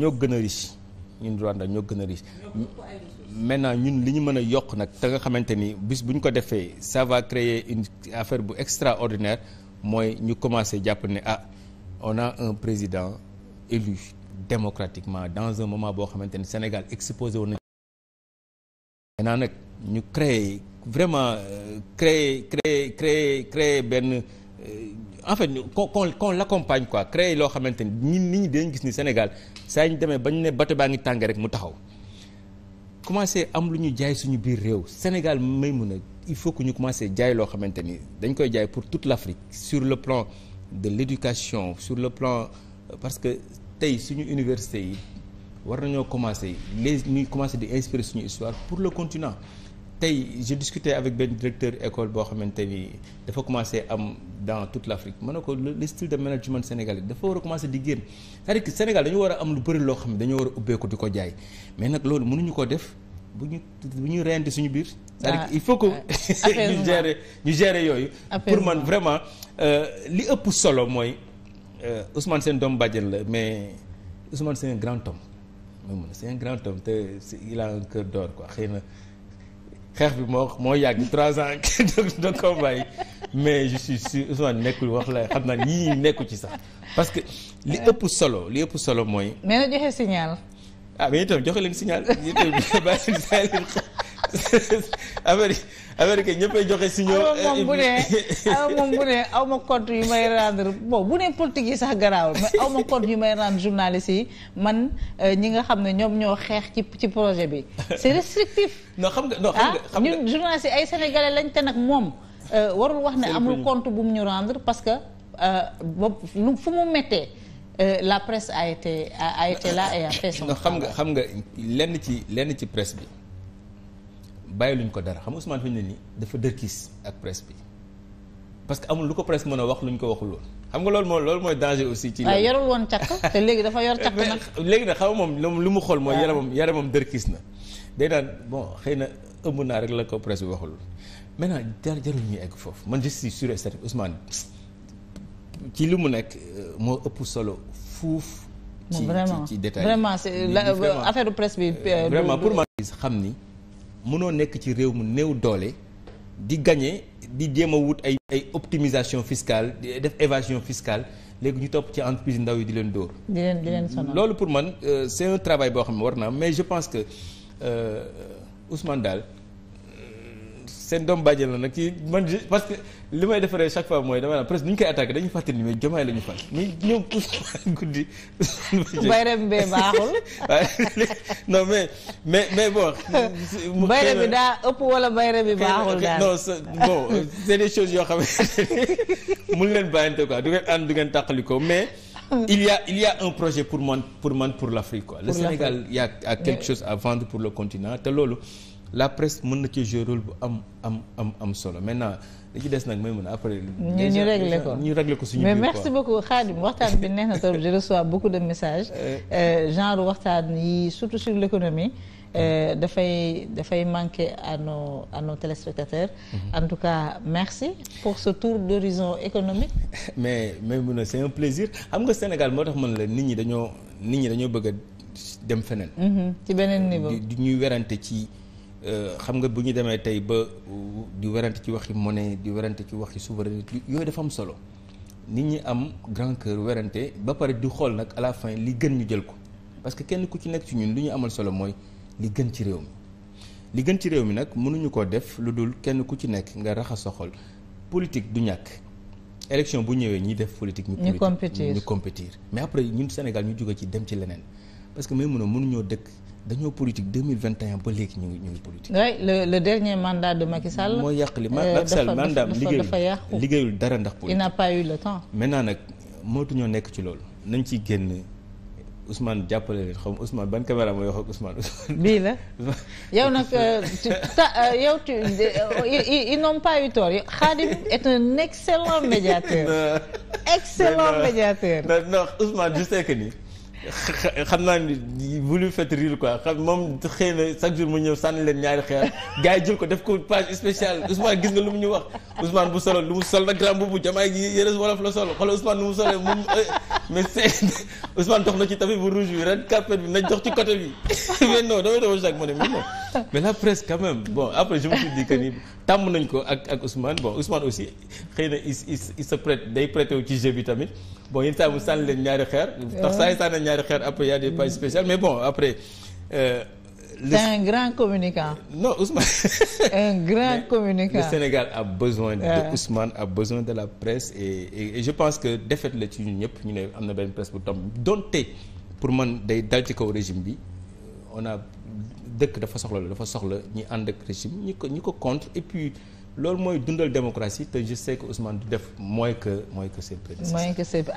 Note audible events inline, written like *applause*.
ñoo gën a riche ñun Rwanda ñoo gën a riche ñun li ñu mën a yokk nag te nga xamante ni bis bu ñu ko defee ça va créer une affaire bu extraordinaire mooy ñu commencé jàpp ne ah on a un président élu démocratiquement dans un moment boo xamante ni Sénégal exposé woon na maintenant nag ñu créer vraiment euh, créer créer créer créer benn en fait ñu qu'on qu'on l'accompagne quoi créer loo xamante ni nit ñi dañ gis ni Sénégal saa ñu demee ba ñu ne bato baa ngi tàng rek mu taxaw commencé am lu ñu jaay suñu biir réew Sénégal may mun a il faut que ñu commencé jaay loo xamante ni dañ koy jaay pour toute l'Afrique sur le plan de l'éducation sur le plan parce que tey suñu université yi war nañoo commencé les ñuy commencé di inspirer suñu histoire pour le continent tey je discutais avec benn directeur école boo xamante ni dafa commencé am dans tout l'Afrique ma ne ko le style de management sénégalais dafa war a commencé di génn c'est-à-dire Sénégal dañu war a am lu bëri loo xam ne dañoo war a ubbeeku di ko jaay mais nag loolu mënuñu ko def bu ñu bu ñu reyante suñu biir. c'est-à-dire ah, il faut que ah, *laughs* ñu gérer ñu gérer yooyu. pour man vraiment euh, li ëpp solo mooy euh, Ousmane seen doom bàjjen la mais Ousmane c'est un grand homme. moom c'est un grand homme te il a xëy na. xeex bi moo moo yàgg trois ans de combat yi mais je suis sûr nekkul wax la xam naa ñii nekku ci sax parce que li ëpp solo li ëpp solo mooy. mais na joxe signal. ah mais itam joxe leen signal itam *laughs* bàyyi leen Amérique Amérique ñëppay joxe signaux. aw euh, moom bu ne aw ma compte yu may rendre bon bu ne politique yi sax garaawul mais aw ma compte yu may rendre journaliste yi man euh, ñi nga xam ne ñoom ñoo xeex ci ci projet bi c'est restrictif. non xam nga non xam nga ah, xam nga ñun journaliste lañ te nag moom. Euh, warul wax ne amul compte bu mu ñu rendre parce que boobu fu mu méttee. la presse a été a été là et a xam nga xam nga lenn ci lenn ci presse bi. bàyyiluñ ko dara xam nga Ousmane fi ñu ne nii dafa dërkiis ak presse bi parce que amul lu ko presse mën a wax luñ ko waxul woon xam nga loolu mooy loolu mooy danger aussi. ci waaye yorul woon càkk te léegi dafa yor càkk nag. *laughs* léegi nag xam nga moom lu mu xool mooy yaramam na day naan bon xëy na ëmb naa rek la ko presse bi waxul maintenant jar jarul ñu egg foofu man je suis sûr et certain Ousmane ci li mu nekk euh, moo ëpp solo fuuf. ci ci détail vraiment c'est affaire presse bi. Euh, vraiment pour man xam ni. mënoo nekk ci réew mu néew doole di gañee di jéem a wut ay ay optimisation fiscale di def évasion fiscale léegi ñu topp ci entreprise ndaw yi di leen dóor. di loolu pour man euh, c'est un travail boo xam ne war naa mais je pense que euh, Ousmane daal. seen doom bàjjen la nag kii man parce que li may defaree chaque fois mooy dama naan presque ni ñu koy attaqué dañuy fàttali mais mais ñoom Ousmane guddi. *laughs* bayrem bee baaxul. *laughs* non mais mais bon. *laughs* bayrem bi daa ëpp wala bayrem bi baaxul daal. non bon c'est des choses yoo xam ne mun leen bàyyante quoi du ngeen ànd du ngeen tàqalikoo mais. il y il y a un projet pour man pour man pour l'Afrique quoi. le Sénégal y a quelque chose à vendre pour le continent te loolu. la presse mën na ci jouer rôle bu am am am solo maintenant li ci des nag may mun a après. ñu ñu réglé ko ñu réglé ko suñu biir mais merci beaucoup Khadim waxtaan bi neex na trop je reçois beaucoup de messages. *laughs* Euh. Euh, genre waxtaan yi surtout sur l'économie. Euh, ah. dafay dafay manquer à nos à mm-hmm. en tout cas merci pour ce tour d'horizon économique. *laughs* mais may mu ne c'est un plaisir xam nga Sénégal moo tax man la nit ñi dañoo nit ñi dañoo bëgg dem feneen. Mm-hmm. ci beneen Euh, xam nga bu ñu demee tey ba di werante ci wax waxi monnaie di werante ci waxi souveraineté yooyu dafa am solo nit ñi am grand cœur werante ba pare di xool nag à la li gën ñu jël ko parce que kenn ku ci nekk ci ñun lu ñu amal solo mooy li gën ci réew mi li gën ci réew mi nag mënuñu koo def lu dul kenn ku ci nekk nga raxas sa xol politique du ñàkk élection bu ñëwee ñi def politique ñu compétir ñu compétir mais après ñun Sénégal ñu jóge ci dem ci leneen parce que may mun a mënuñoo dëkk dañoo politique deux mille vingt et un ba léegi ñu ngi ñu ngi politique. oui le le dernier mandat de Macky moo yàq li euh, Macky Sall mandat liggéeyul liggéeyul dara ndax. politique il n'a pas eu le temps. maintenant nag mootuñoo nekk ci loolu nañ ciy génn. Ousmane jàppale leen xaw ma Ousmane ban caméra mooy wax ak Ousmane. *laughs* bii la yow nag euh, ta euh, yow tu ils n'ont un excellent médiateur. *laughs* excellent médiateur. non Ousmane je sais que *laughs* xam naa ni vous lui faites rire quoi xam moom xëy na chaque jour mu ñëw sànni leen ñaari xeer *laughs* gars yi jël ko def ko page spéciale Ousmane gis nga lu mu ñu wax Ousmane bu solo lu mu sol nag grand boobu jamaay gi yëre wolof la solo xoolal Ousmane lu mu solo moom mais c'est *laughs* Ousmane dox na ci tapis bu rouge bi ren carpet bi nañ dox ci côté bi *laughs* mais non damay doon Jacques ma mais non mais la presse quand même bon après je me suis dit que tàmm nañ ko ak ak Ousmane bon Ousmane aussi xëy na il il day prêté wu ci jeu bi tamit bon yenn saa mu sànni leen ñaari xeer. ndax saa yi sànni ñaari xeer après y a des pages spéciales mais bon après. Euh, c'est un grand communicant. non Ousmane. *laughs* un grand mais communicant le Sénégal a besoin. Yeah. de Ousmane a besoin de la presse et je pense que défaite la ci ñun ñëpp ñu ne am na benn presse bu tam donte pour man day dal ci kaw régime bi on dëkk dafa soxla dafa soxla ñi ànd ak régime ñi ko ñi ko contre et puis. loolu mooy dundal démocratie te je sais ko Ousmane du def mooy que mooy que c'est.